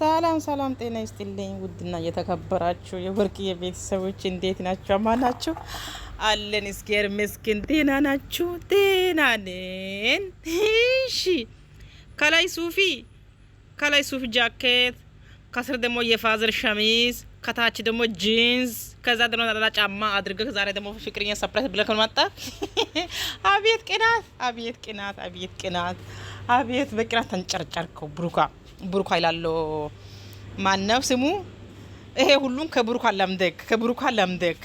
ሰላም ሰላም፣ ጤና ይስጥልኝ ውድና እየተከበራችሁ የወርቅ ቤተሰቦች እንዴት ናችሁ? ናችሁ? አለን እስኬር ምስኪን ጤና ናችሁ? ጤና ነን። እሺ፣ ከላይ ሱፊ ከላይ ሱፍ ጃኬት፣ ከስር ደግሞ የፋዘር ሸሚዝ፣ ከታች ደግሞ ጂንስ፣ ከዛ ደግሞ ነጠላ ጫማ አድርገህ ዛሬ ደግሞ ፍቅርኛ ሰፕራይዝ ብለህ መጣ። አቤት ቅናት! አቤት ቅናት! አቤት ቅናት! አቤት በቂራ ተንጨርጨርከው ብሩካ ብሩካ ይላለ ነው ስሙ? ይሄ ሁሉም ከብሩካ ለምደክ ከብሩካ ለምደክ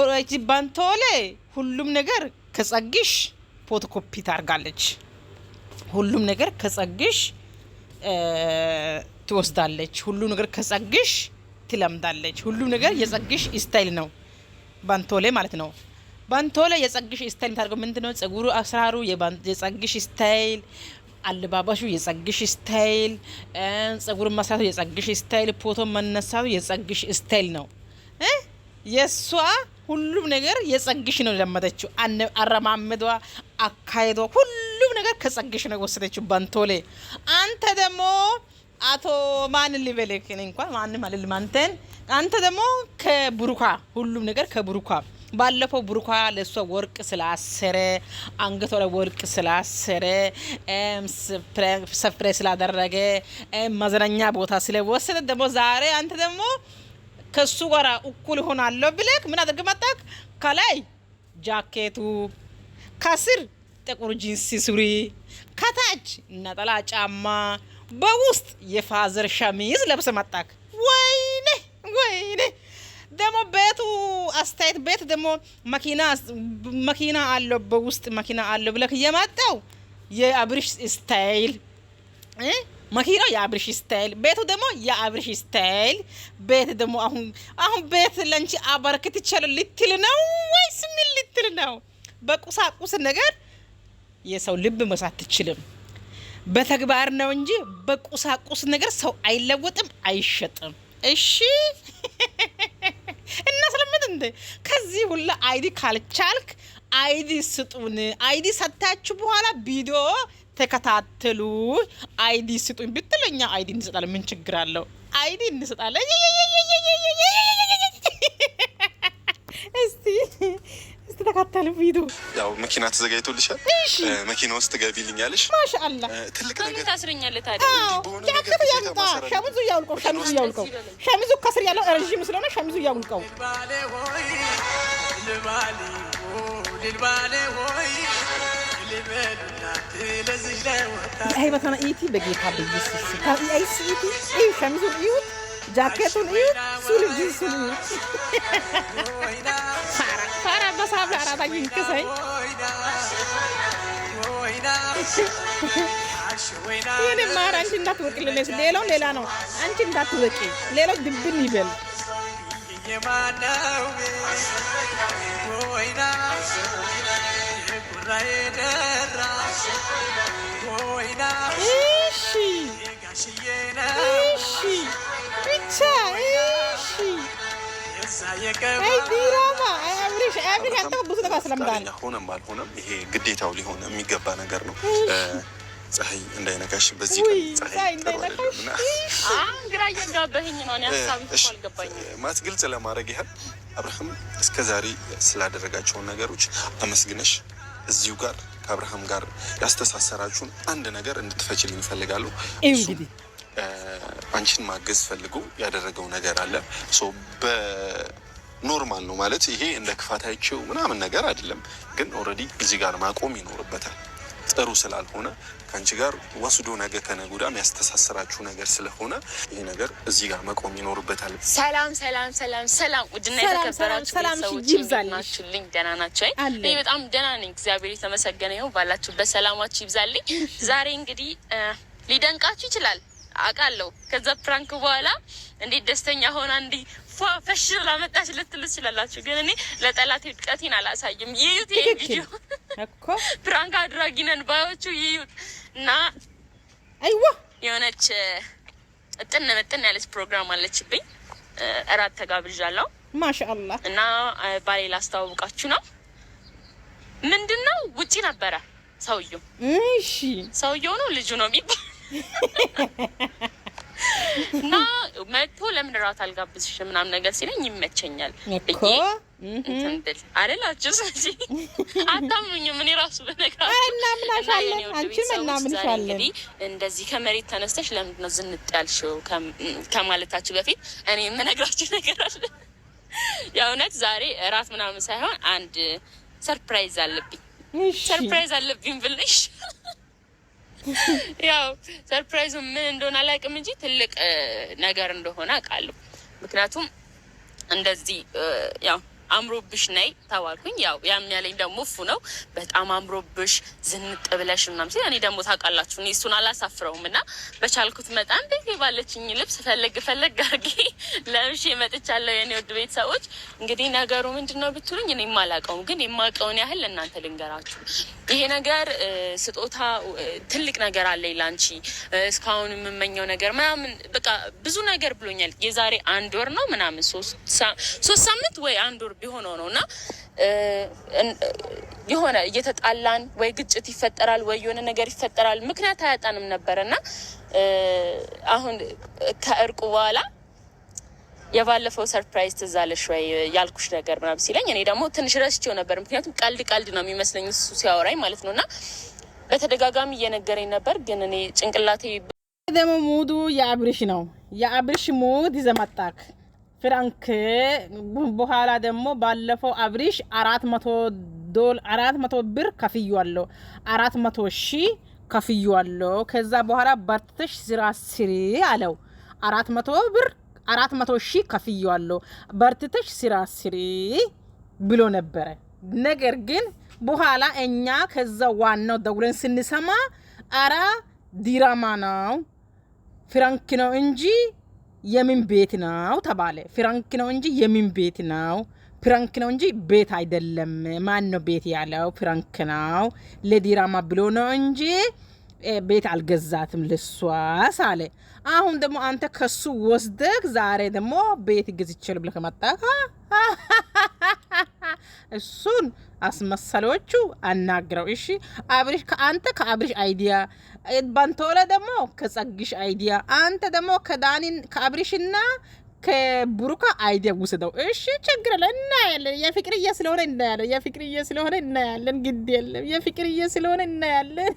ኦሬጂ ባንቶሌ ሁሉም ነገር ከጸግሽ ፎቶኮፒ ታርጋለች። ሁሉም ነገር ከጸግሽ ትወስዳለች። ሁሉም ነገር ከጸግሽ ትለምዳለች። ሁሉም ነገር የጸግሽ ስታይል ነው ባንቶሌ ማለት ነው። ባንቶለ የጸግሽ ስታይል የምታደርገው ምንድነው? ጸጉሩ አስራሩ የጸግሽ ስታይል፣ አለባባሹ የጸግሽ ስታይል፣ ጸጉሩን መስራቱ የጸግሽ ስታይል፣ ፎቶ መነሳቱ የጸግሽ ስታይል ነው። የእሷ ሁሉም ነገር የጸግሽ ነው። ለመደችው አረማመዷ፣ አካሄዷ፣ ሁሉም ነገር ከጸግሽ ነው ወሰደችው። ባንቶሌ አንተ ደግሞ አቶ ማን ልበልክ? እንኳ ማንም አልልም አንተን። አንተ ደግሞ ከቡሩካ ሁሉም ነገር ከቡሩካ ባለፈው ብሩኳ ለእሷ ወርቅ ስላሰረ አንገቷ ላይ ወርቅ ስላሰረ ሰፍሬ ስላደረገ መዝናኛ ቦታ ስለወሰደ ደግሞ ዛሬ አንተ ደግሞ ከሱ ጋር እኩል ሆናለሁ ብለህ ምን አድርግ መጣክ? ከላይ ጃኬቱ፣ ከስር ጥቁር ጂንስ ሱሪ፣ ከታች ነጠላ ጫማ፣ በውስጥ የፋዘር ሸሚዝ ለብሰ መጣክ። ወይኔ ወይኔ ደግሞ ቤቱ አስተያየት ቤት ደግሞ መኪና መኪና አለው በውስጥ መኪና አለው ብለህ የመጣው የአብሪሽ ስታይል መኪናው የአብሪሽ ስታይል፣ ቤቱ ደግሞ የአብሪሽ ስታይል። ቤት ደግሞ አሁን አሁን ቤት ለንቺ አበረክት ይቻላል ልትል ነው ወይስ ምን ልትል ነው? በቁሳቁስ ነገር የሰው ልብ መሳት ትችልም። በተግባር ነው እንጂ በቁሳቁስ ነገር ሰው አይለወጥም፣ አይሸጥም። እሺ እናስለምድ እንደ ከዚህ ሁላ አይዲ ካልቻልክ አይዲ ስጡን። አይዲ ሰታችሁ በኋላ ቪዲዮ ተከታተሉ፣ አይዲ ስጡኝ ብትለኛ አይዲ እንሰጣለን። ምን ችግር አለው? አይዲ እንሰጣለን። እስቲ ተተካተል ሂዱ። ያው መኪና ተዘጋጅቶልሻል። መኪና ውስጥ ገቢልኛለሽ። ማሻአላ ትልቅ ነገር ታስረኛለህ። ታዲያ ጃኬቱ ያምጣ፣ ሸሚዙ ያውልቀው፣ ሸሚዙ ያውልቀው። ሸሚዙ ከስር ያለው ረዥም ስለሆነ ሸሚዙ ያውልቀው። በህይወትና ኢቲ በጌታ ብይስስ ኢቲ ሸሚዙን እዩት፣ ጃኬቱን እዩት፣ ሱሉ ጂንሱን እዩት ኧረ በሳብ ለአራታኝ እንክሰኝ ይህንማ ኧረ አንቺ እንዳትወርቅልን ሌላው ሌላ ነው። አንቺ እንዳትወቂ ሌላው ድብን ይበል። እሺ እሺ ብቻ እሺ አይ ዲራማ ሆነም አልሆነም ይሄ ግዴታው ሊሆን የሚገባ ነገር ነው። ፀሐይ እንዳይነካሽ በዚህ ቀን ፀሐይ ማለት ግልጽ ለማድረግ ያህል አብርሃም እስከዛሬ ስላደረጋቸውን ነገሮች አመስግነሽ እዚሁ ጋር ከአብርሃም ጋር ያስተሳሰራችሁን አንድ ነገር እንድትፈችልኝ እፈልጋለሁ። እንግዲህ አንቺን ማገዝ ፈልጎ ያደረገው ነገር አለ ኖርማል ነው ማለት ይሄ እንደ ክፋታቸው ምናምን ነገር አይደለም። ግን ኦልሬዲ እዚህ ጋር ማቆም ይኖርበታል። ጥሩ ስላልሆነ ከአንቺ ጋር ወስዶ ነገ ከነጉዳ ወዲያ የሚያስተሳስራችሁ ነገር ስለሆነ ይሄ ነገር እዚህ ጋር መቆም ይኖርበታል። ሰላም ሰላም ሰላም ሰላም፣ ውድና የተከበራችሁ ይብዛልናችሁልኝ። ደህና ናቸው። እኔ በጣም ደህና ነኝ፣ እግዚአብሔር የተመሰገነ ይሁን። ባላችሁበት ሰላማችሁ ይብዛልኝ። ዛሬ እንግዲህ ሊደንቃችሁ ይችላል አውቃለሁ። ከዛ ፕራንክ በኋላ እንዴት ደስተኛ ሆና እንዲህ ፏ ፈሽ ብላ መጣች ልትሉ ትችላላችሁ፣ ግን እኔ ለጠላት ውድቀቴን አላሳይም። ይዩት፣ ይሄ ቪዲዮ እኮ ፕራንክ አድራጊ ነን ባዮቹ ይዩት። እና አይዋ የሆነች እጥን መጥን ያለች ፕሮግራም አለችብኝ፣ እራት ተጋብዣለሁ። ማሻአላ እና ባሌ ላስተዋውቃችሁ ነው። ምንድን ነው ውጪ ነበረ ሰውየው። እሺ ሰውየው ነው ልጁ ነው የሚባል እና መጥቶ ለምን ራት አልጋብዝሽ ምናምን ነገር ሲለኝ ይመቸኛል እኮ አለላችሁ። ስለዚህ አይደላችሁ ምን ራሱ በነገራችሁ እንደዚህ ከመሬት ተነስተሽ ለምንድን ነው ዝንጥ ያልሽው ከማለታችሁ በፊት እኔ የምነግራችሁ ነገር አለ። የእውነት ዛሬ እራት ምናምን ሳይሆን አንድ ሰርፕራይዝ አለብኝ፣ ሰርፕራይዝ አለብኝ ብልሽ ያው ሰርፕራይዙ ምን እንደሆነ አላውቅም እንጂ ትልቅ ነገር እንደሆነ አውቃለሁ። ምክንያቱም እንደዚህ ያው አምሮብሽ ነይ ተባልኩኝ። ያው ያም ያለኝ ደግሞ እፉ ነው። በጣም አምሮብሽ ዝንጥ ብለሽ ምናም ሲል እኔ ደግሞ ታውቃላችሁ እኔ እሱን አላሳፍረውም እና በቻልኩት መጠን ቤቴ ባለችኝ ልብስ ፈለግ ፈለግ አድርጌ ለብሼ መጥቻለሁ። የኔ ውድ ቤተሰቦች እንግዲህ ነገሩ ምንድን ነው ብትሉኝ እኔ የማላውቀውም፣ ግን የማውቀውን ያህል እናንተ ልንገራችሁ። ይሄ ነገር ስጦታ ትልቅ ነገር አለኝ ላንቺ እስካሁን የምመኘው ነገር ምናምን በቃ ብዙ ነገር ብሎኛል። የዛሬ አንድ ወር ነው ምናምን ሶስት ሳምንት ወይ አንድ ወር ሆኖ ነው እና የሆነ እየተጣላን ወይ ግጭት ይፈጠራል ወይ የሆነ ነገር ይፈጠራል፣ ምክንያት አያጣንም ነበር እና አሁን ከእርቁ በኋላ የባለፈው ሰርፕራይዝ ትዝ አለሽ ወይ ያልኩሽ ነገር ምናምን ሲለኝ እኔ ደግሞ ትንሽ ረስቼው ነበር። ምክንያቱም ቀልድ ቀልድ ነው የሚመስለኝ እሱ ሲያወራኝ ማለት ነው እና በተደጋጋሚ እየነገረኝ ነበር፣ ግን እኔ ጭንቅላቴ ደግሞ ሙዱ የአብርሽ ነው። የአብርሽ ሙድ ይዘመጣክ ፍራንክ በኋላ ደግሞ ባለፈው አብሪሽ አራት መቶ ዶል አራት መቶ ብር ከፍያለሁ፣ አራት መቶ ሺ ከፍያለሁ። ከዛ በኋላ በርትተሽ ስራ ስሪ አለው። አራት መቶ ብር አራት መቶ ሺ ከፍያለሁ፣ በርትተሽ ስራ ስሪ ብሎ ነበረ። ነገር ግን በኋላ እኛ ከዛ ዋናው ደውለን ስንሰማ አራ ዲራማ ነው ፍራንክ ነው እንጂ የምን ቤት ነው ተባለ። ፍራንክ ነው እንጂ የምን ቤት ነው? ፍራንክ ነው እንጂ ቤት አይደለም። ማን ነው ቤት ያለው? ፍራንክ ነው ለዲራማ ብሎ ነው እንጂ ቤት አልገዛትም ልሷስ አለ። አሁን ደግሞ አንተ ከሱ ወስደህ ዛሬ ደግሞ ቤት ገዝቼል ብለህ ከመጣህ እሱን አስመሳሌዎቹ አናግረው። እሺ አብሪሽ ከአንተ ከአብሪሽ አይዲያ ባንቶላ ደግሞ ከጸግሽ አይዲያ፣ አንተ ደግሞ ከዳኒን ከአብሪሽና ከቡሩካ አይዲያ ውስደው። እሺ ችግር የለም እናያለን። የፍቅርዬ ስለሆነ እናያለን። የፍቅርዬ ስለሆነ እናያለን። ግድ የለም። የፍቅርዬ ስለሆነ እናያለን።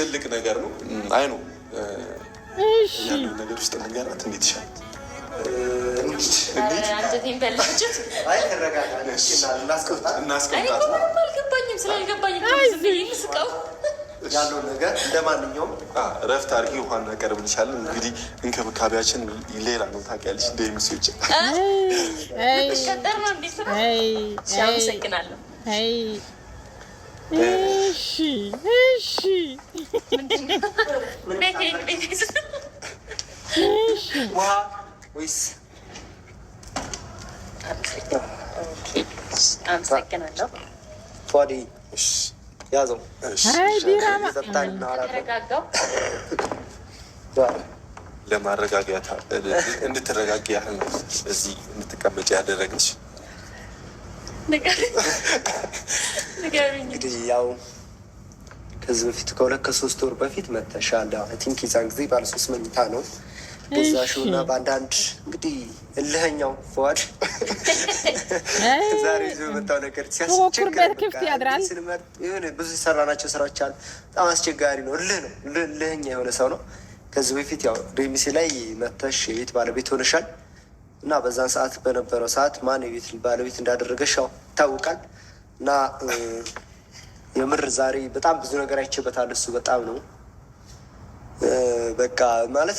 ትልቅ ነገር ነው። አይ ነው ነገር ውስጥ ንገራት። እንዴት ይሻል እናስቀምጣት ስላልገባኝ ስቀው ያለው ነገር እንደ ማንኛውም ረፍት አድርጊ፣ ውሃ እናቀርብልሻለን። እንግዲህ እንክብካቤያችን ሌላ ነው ታውቂያለሽ። እንደ ሚስዮች አመሰግናለሁ። አመሰግናለሁ። ፏዲ ያዘው ለማረጋጋት እንድትረጋጊ ያህል ነው እዚህ እንድትቀመጭ ያደረገች። እንግዲህ ያው ከዚህ በፊት ከሁለት ከሶስት ወር በፊት መተሻል ቲንክ የዛን ጊዜ ባለሶስት መኝታ ነው በዛሽው እና በአንዳንድ እንግዲህ እልህኛው ፈዋድ ዛሬ ዞ የመጣው ነገር ሲያስቸግር ብዙ የሰራናቸው ስራዎች አሉ። በጣም አስቸጋሪ ነው። እልህ ነው። እልህኛ የሆነ ሰው ነው። ከዚህ በፊት ያው ሬሚሴ ላይ መተሽ የቤት ባለቤት ሆነሻል እና በዛን ሰዓት በነበረው ሰዓት ማን የቤት ባለቤት እንዳደረገሽ ያው ይታወቃል እና የምር ዛሬ በጣም ብዙ ነገር አይቼበታለሁ። እሱ በጣም ነው በቃ ማለት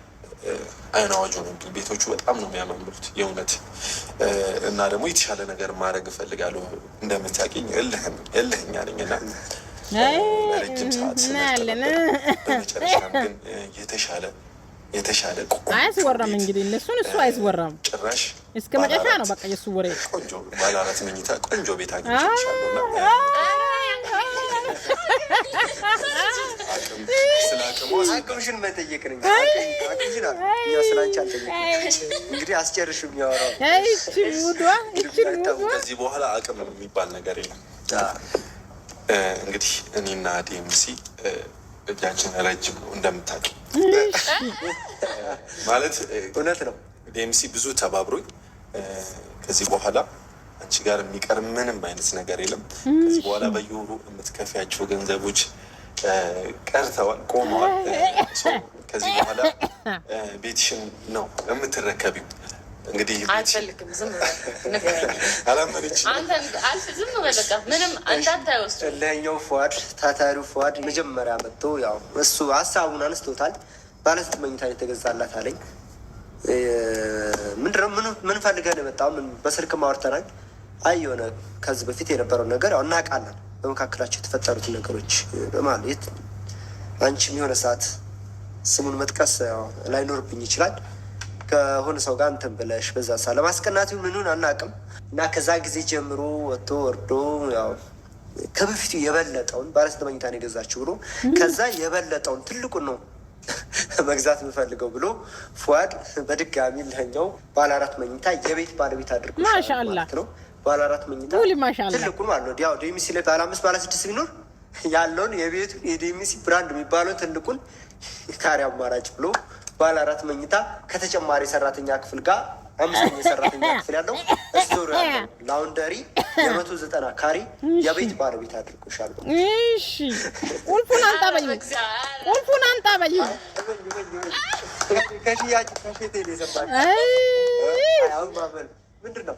አይን አዋጅ ቤቶቹ በጣም ነው የሚያማምሩት የእውነት እና ደግሞ የተሻለ ነገር ማድረግ እፈልጋለሁ። እንደምታውቂኝ እልህኛ ነኝ እና ረጅም ሰዓት በመጨረሻም ግን የተሻለ የተሻለ አያስወራም። እንግዲህ እነሱን እሱ አያስወራም ጭራሽ እስከ መጨረሻ ነው። በቃ የሱ ወሬ ቆንጆ ባለ አራት መኝታ ቆንጆ ቤት አግኝቻለሁ። ሐኪምሽን መጠየቅ ነኝ። እንግዲህ አስጨርሽ የሚያወራው ከዚህ በኋላ አቅም የሚባል ነገር የለም። እንግዲህ እኔና ዲኤምሲ እጃችን ረጅም ነው እንደምታውቂ ማለት እውነት ነው። ዲኤምሲ ብዙ ተባብሮኝ ከዚህ በኋላ አንቺ ጋር የሚቀር ምንም አይነት ነገር የለም። ከዚህ በኋላ በየወሩ የምትከፍያቸው ገንዘቦች ቀርተዋል፣ ቆመዋል። ከዚህ በኋላ ቤትሽን ነው የምትረከቢው። እንግዲህ ለኛው ፏድ ታታሪው ፏድ መጀመሪያ መጥቶ ያው እሱ ሀሳቡን አንስቶታል። ባለ መኝታ የተገዛላት አለኝ። ምንድነው ምን ፈልገህ ነው የመጣው? በስልክ ማወርተናል። አይ የሆነ ከዚህ በፊት የነበረው ነገር ያው እናውቃለን በመካከላቸው የተፈጠሩትን ነገሮች በማለት አንቺም የሆነ ሰዓት ስሙን መጥቀስ ላይኖርብኝ ይችላል ከሆነ ሰው ጋር እንትን ብለሽ በዛ ሳ ለማስቀናት ምኑን አናቅም እና ከዛ ጊዜ ጀምሮ ወጥቶ ወርዶ ያው ከበፊቱ የበለጠውን ባለስንት መኝታ ነው የገዛችው ብሎ ከዛ የበለጠውን ትልቁን ነው መግዛት የምፈልገው ብሎ ፏድ በድጋሚ ለኛው ባለ አራት መኝታ የቤት ባለቤት አድርጎ ማለት ነው። ባለ አራት መኝታ ትልቁን ማለት ነው። ያው ዲሚሲ ላይ ባለ አምስት ባለ ስድስት ቢኖር ያለውን የቤቱ የዲሚሲ ብራንድ የሚባለው ትልቁን የካሬ አማራጭ ብሎ ባለ አራት መኝታ ከተጨማሪ ሰራተኛ ክፍል ጋር አምስተኛ ሰራተኛ ክፍል ያለው ስቶር ያለው ላውንደሪ የመቶ ዘጠና ካሬ የቤት ባለቤት አድርጎሻል። እሺ ቁልፉን አንጣ ቁልፉን አንጣ ከሽያጭ ከሽቴ የሰባ ምንድን ነው?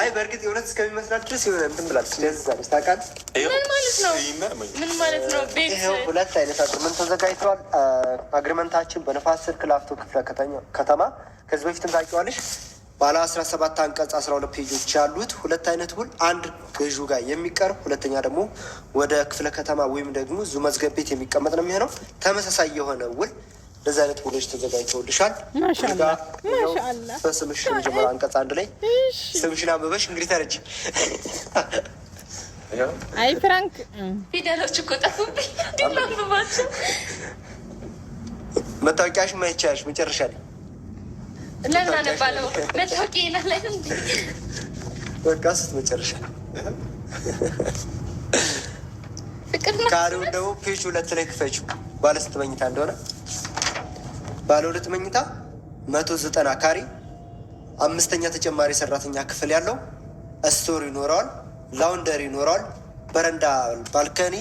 አይ በእርግጥ የእውነት እስከሚመስላት ድረስ የሆነ እንትን ብላለች። ደዛለች ታውቃለህ። ምን ማለት ነው? ምን ማለት ነው? ቤት ይኸው ሁለት አይነት አግሪመንት ተዘጋጅተዋል። አግሪመንታችን በንፋስ ስልክ ላፍቶ ክፍለ ከተማ ከዚህ በፊትም ታውቂዋለሽ ባለ አስራ ሰባት አንቀጽ አስራ ሁለት ፔጆች ያሉት ሁለት አይነት ውል፣ አንድ ገዢ ጋር የሚቀርብ ሁለተኛ ደግሞ ወደ ክፍለ ከተማ ወይም ደግሞ ዙ መዝገብ ቤት የሚቀመጥ ነው የሚሆነው ተመሳሳይ የሆነ ውል እንደዚህ አይነት ውሎች ተዘጋጅተውልሻል። በስምሽ መጀመሪያ አንቀጽ አንድ ላይ ስምሽን አንብበሽ እንግዲህ ተረጅ። አይ ፍራንክ ፊደሎች እኮ ጠፉብኝ። መታወቂያሽ ማይቻልሽ መጨረሻ ላይ ለምን አነባለሁ? መታወቂያ ይላል እንዴ? በቃ ስት መጨረሻ ፍቅር ደግሞ ፔጅ ሁለት ላይ ክፈችው ባለስት መኝታ እንደሆነ ባለ ሁለት መኝታ መቶ ዘጠና ካሬ አምስተኛ ተጨማሪ ሰራተኛ ክፍል ያለው እስቶር ይኖረዋል፣ ላውንደሪ ይኖረዋል፣ በረንዳ፣ ባልከኒ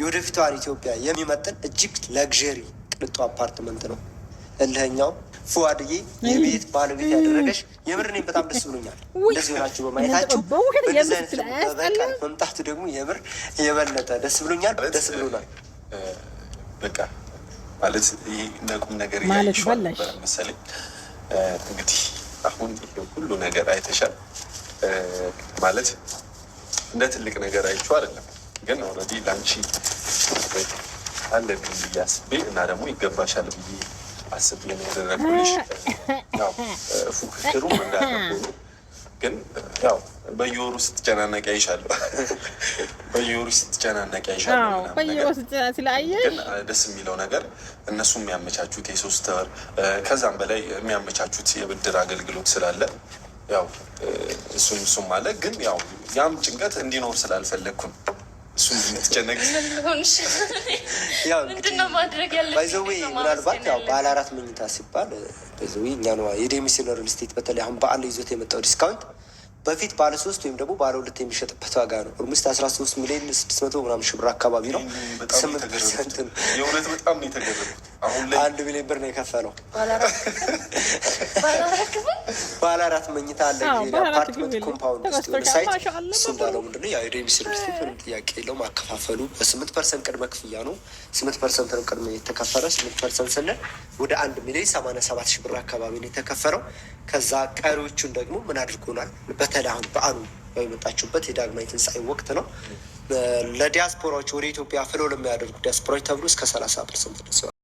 የወደፊቷን ኢትዮጵያ የሚመጥን እጅግ ለግዠሪ ቅንጡ አፓርትመንት ነው። እልህኛው ፉአድዬ የቤት ባለቤት ያደረገሽ የምር በጣም ደስ ብሎኛል። እንደዚህ ሆናችሁ በማየታችሁ በቃ መምጣቱ ደግሞ የምር የበለጠ ደስ ብሎኛል። ደስ ብሎናል። በቃ ማለት ይህ እንደ ቁም ነገር እያየሽዋል ነበረ መሰለኝ። እንግዲህ አሁን ይሄ ሁሉ ነገር አይተሻል ማለት እንደ ትልቅ ነገር አይቼው አይደለም፣ ግን ኦልሬዲ ለአንቺ አለብኝ ብዬ አስቤ እና ደግሞ ይገባሻል ብዬ አስቤ ነው ያደረግኩልሽ። ፉክክሩም እንዳለ ግን ያው በየወሩ ስትጨናነቅ አይሻለሁ። በየወሩ ስትጨናነቅ አይሻለሁ። ደስ የሚለው ነገር እነሱ የሚያመቻቹት የሶስት ወር ከዛም በላይ የሚያመቻቹት የብድር አገልግሎት ስላለ ያው እሱም እሱም አለ። ግን ያው ያም ጭንቀት እንዲኖር ስላልፈለግኩም እሱ የምትጨነቅ ምንድነው ማድረግ ያለባይዘዌ ምናልባት ያው ባለ አራት መኝታ ሲባል በዘዌ እኛ ነዋ የዴሚሲነር ሪል ስቴት በተለይ አሁን በዓል ይዞት የመጣው ዲስካውንት በፊት ባለ ሶስት ወይም ደግሞ ባለ ሁለት የሚሸጥበት ዋጋ ነው። ኦልሞስት አስራ ሶስት ሚሊዮን ስድስት መቶ ምናምን ሺህ ብር አካባቢ ነው። ስምንት ፐርሰንት ነው። የእውነት በጣም ነው የተገረምኩት። አንድ ሚሊዮን ብር ነው የከፈለው። ባለ አራት መኝታ አለ አፓርትመንት ኮምፓውንድ ውስጥ የሆነ ሳይት። እሱ እንዳለው ምንድን ነው የሬሚስ ሪልስቴት ጥያቄ የለውም። አከፋፈሉ በስምንት ፐርሰንት ቅድመ ክፍያ ነው። ስምንት ፐርሰንት ነው ቅድመ የተከፈለ። ስምንት ፐርሰንት ስንል ወደ አንድ ሚሊዮን ሰማንያ ሰባት ሺህ ብር አካባቢ ነው የተከፈለው። ከዛ ቀሪዎቹን ደግሞ ምን አድርጎናል? በተለይ አሁን በዓሉ በመጣችሁበት የዳግማዊ ትንሣኤ ወቅት ነው ለዲያስፖራዎች ወደ ኢትዮጵያ ፍሎ ለሚያደርጉ ዲያስፖራዎች ተብሎ እስከ ሰላሳ ፐርሰንት ደርሰዋል።